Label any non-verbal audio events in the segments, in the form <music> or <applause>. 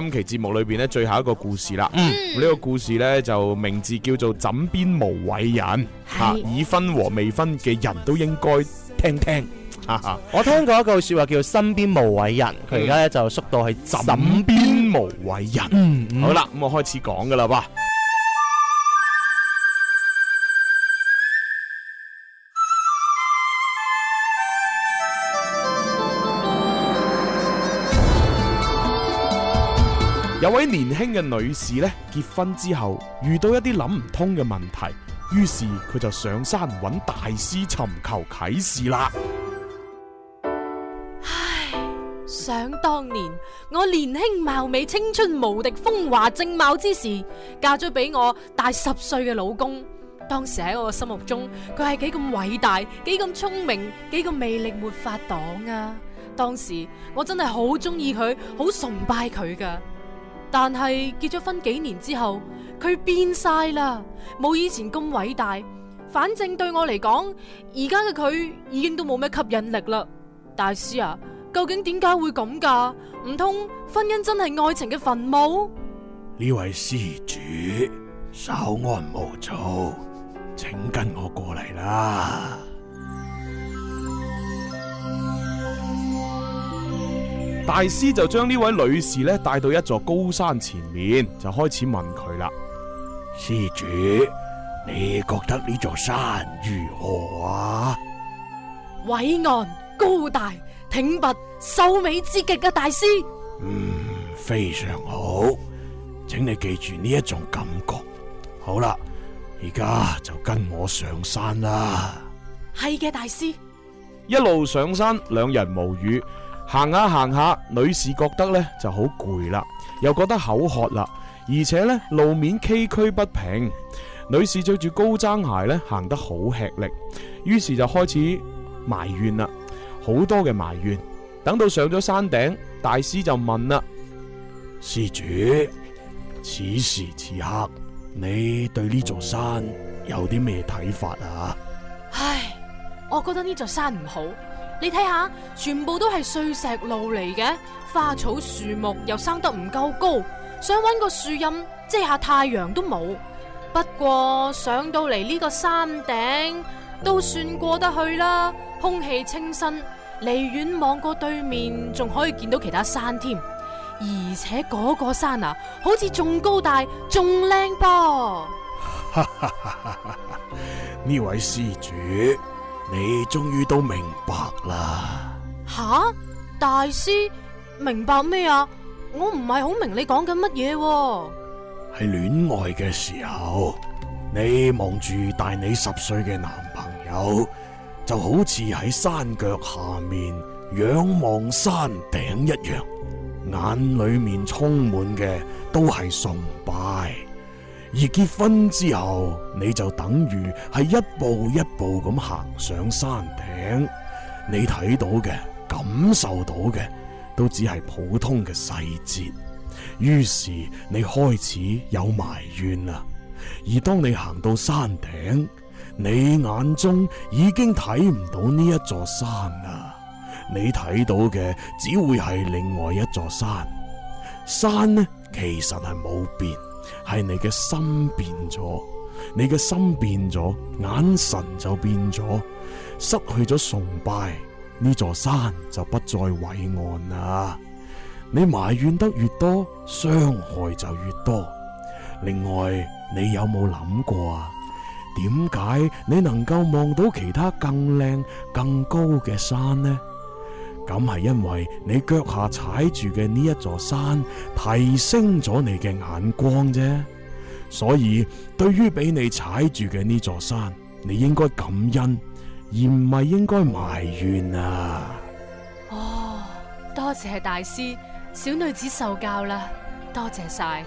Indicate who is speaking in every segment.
Speaker 1: 今期節目裏邊咧，最後一個故事啦。呢個故事呢，就名字叫做《枕邊無偉人》，吓已婚和未婚嘅人都應該聽聽。是啊、我聽過一句說話叫“身邊無偉人”，佢而家咧就縮到係枕邊無偉人。嗯嗯，好啦，咁我開始講噶啦噃。有位年輕嘅女士呢，結婚之後遇到一啲諗唔通嘅問題，於是佢就上山揾大師尋求啓示啦。
Speaker 2: 唉，想當年我年輕貌美、青春無敵、風華正茂之時，嫁咗比我大十歲嘅老公。當時喺我嘅心目中，佢係幾咁偉大、幾咁聰明、幾咁魅力沒法擋啊！當時我真係好中意佢，好崇拜佢噶。但係結咗婚幾年之後，佢變晒啦，冇以前咁偉大。反正對我嚟講，而家嘅佢已經都冇咩吸引力啦。大師啊，究竟點解會咁噶？唔通婚姻真係愛情嘅墳墓？
Speaker 1: 呢位施主稍安勿躁，請跟我過嚟啦。大師就將呢位女士咧帶到一座高山前面，就開始問佢啦：施主，你覺得呢座山如何啊？
Speaker 2: 偉岸、高大、挺拔、秀美之極嘅大師。
Speaker 1: 嗯，非常好，請你記住呢一種感覺。好啦，而家就跟我上山啦。
Speaker 2: 係嘅，大師。
Speaker 1: 一路上山，兩人無語。行下行下，女士覺得呢就好攰啦，又覺得口渴啦，而且呢，路面崎嶇不平，女士着住高踭鞋呢行得好吃力，於是就開始埋怨啦，好多嘅埋怨。等到上咗山頂，大師就問啦：「施主，此時此刻你對呢座山有啲咩睇法啊？
Speaker 2: 唉，我覺得呢座山唔好。你睇下，全部都係碎石路嚟嘅，花草樹木又生得唔夠高，想搵個樹蔭遮下太陽都冇。不過上到嚟呢個山頂都算過得去啦，空氣清新，離遠望過對面仲可以見到其他山添，而且嗰個山啊，好似仲高大，仲靚噃。
Speaker 1: 呢 <laughs> 位施主。你終於都明白啦！
Speaker 2: 吓，大師明白咩啊？我唔係好明你講緊乜嘢。
Speaker 1: 喺戀愛嘅時候，你望住大你十歲嘅男朋友，就好似喺山腳下面仰望山頂一樣，眼裏面充滿嘅都係崇拜。而結婚之後，你就等於係一步一步咁行上山頂，你睇到嘅、感受到嘅，都只係普通嘅細節。於是你開始有埋怨啦。而當你行到山頂，你眼中已經睇唔到呢一座山啦，你睇到嘅只會係另外一座山。山呢，其實係冇變。係你嘅心變咗，你嘅心變咗，眼神就變咗，失去咗崇拜，呢座山就不再偉岸啦。你埋怨得越多，傷害就越多。另外，你有冇諗過啊？點解你能夠望到其他更靚、更高嘅山呢？咁係因為你腳下踩住嘅呢一座山提升咗你嘅眼光啫，所以對於俾你踩住嘅呢座山，你應該感恩，而唔係應該埋怨啊！
Speaker 2: 哦，多謝大師，小女子受教啦，多謝晒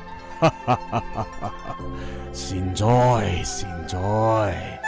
Speaker 1: <laughs> 善哉，善哉。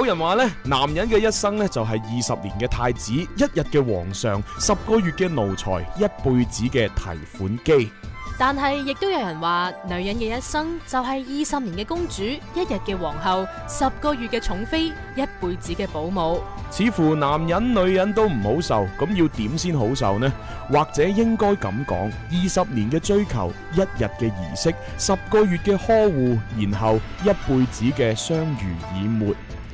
Speaker 1: 有人話咧，男人嘅一生咧就係二十年嘅太子，一日嘅皇上，十個月嘅奴才，一輩子嘅提款機。
Speaker 2: 但係亦都有人話，女人嘅一生就係二十年嘅公主，一日嘅皇后，十個月嘅寵妃，一輩子嘅保姆。
Speaker 1: 似乎男人、女人都唔好受，咁要點先好受呢？或者應該咁講：二十年嘅追求，一日嘅儀式，十個月嘅呵護，然後一輩子嘅相濡以沫。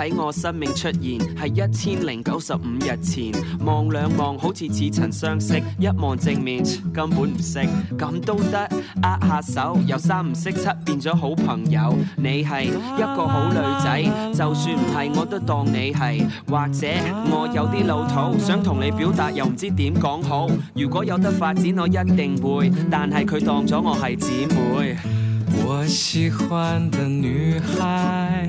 Speaker 1: 喺我生命出現係一千零九十五日前，望兩望好似似曾相識，一望正面根本唔識，咁都得握下手，由三唔識七變咗好朋友。你係一個好女仔，啊，就算唔係我都當你係，或者我有啲老土，想同你表達又唔知點講好。如果有得發展，我一定會，
Speaker 2: 但係佢當咗我係姊妹。我喜歡的女孩。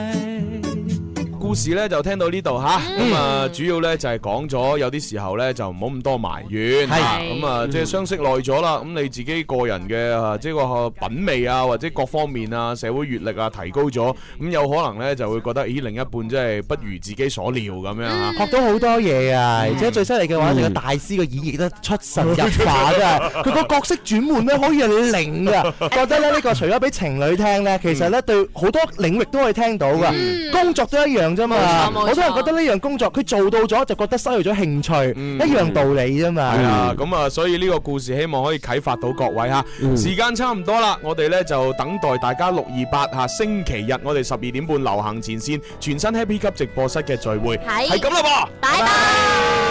Speaker 2: 故事
Speaker 1: 咧就聽到呢度嚇，咁啊主要咧就係講咗有啲時候咧就唔好咁多埋怨，咁啊即係相識耐咗啦，咁你自己個人嘅即係個品味啊或者各方面啊社會閲歷啊提高咗，咁有可能咧就會覺得咦另一半真係不如自己所料咁樣啊，學到好多嘢啊，而且最犀利嘅話，你個大師嘅演繹都出神入化啊，佢個角色轉換咧可以係零㗎，覺得咧呢個除咗俾情侶聽咧，其實咧對好多領域都可以聽到㗎，工作都一樣。噶嘛，我都係覺得呢樣工作佢做到咗就覺得失去咗興趣，一樣道理啫嘛。係啊，咁啊，所以呢個故事希望可以啟發到各位哈。時間差唔多啦，我哋呢就等待大家六二八下星期日，我哋十二點半流行前線全新 Happy 級直播室嘅聚會，係咁
Speaker 3: 啦噃，拜拜。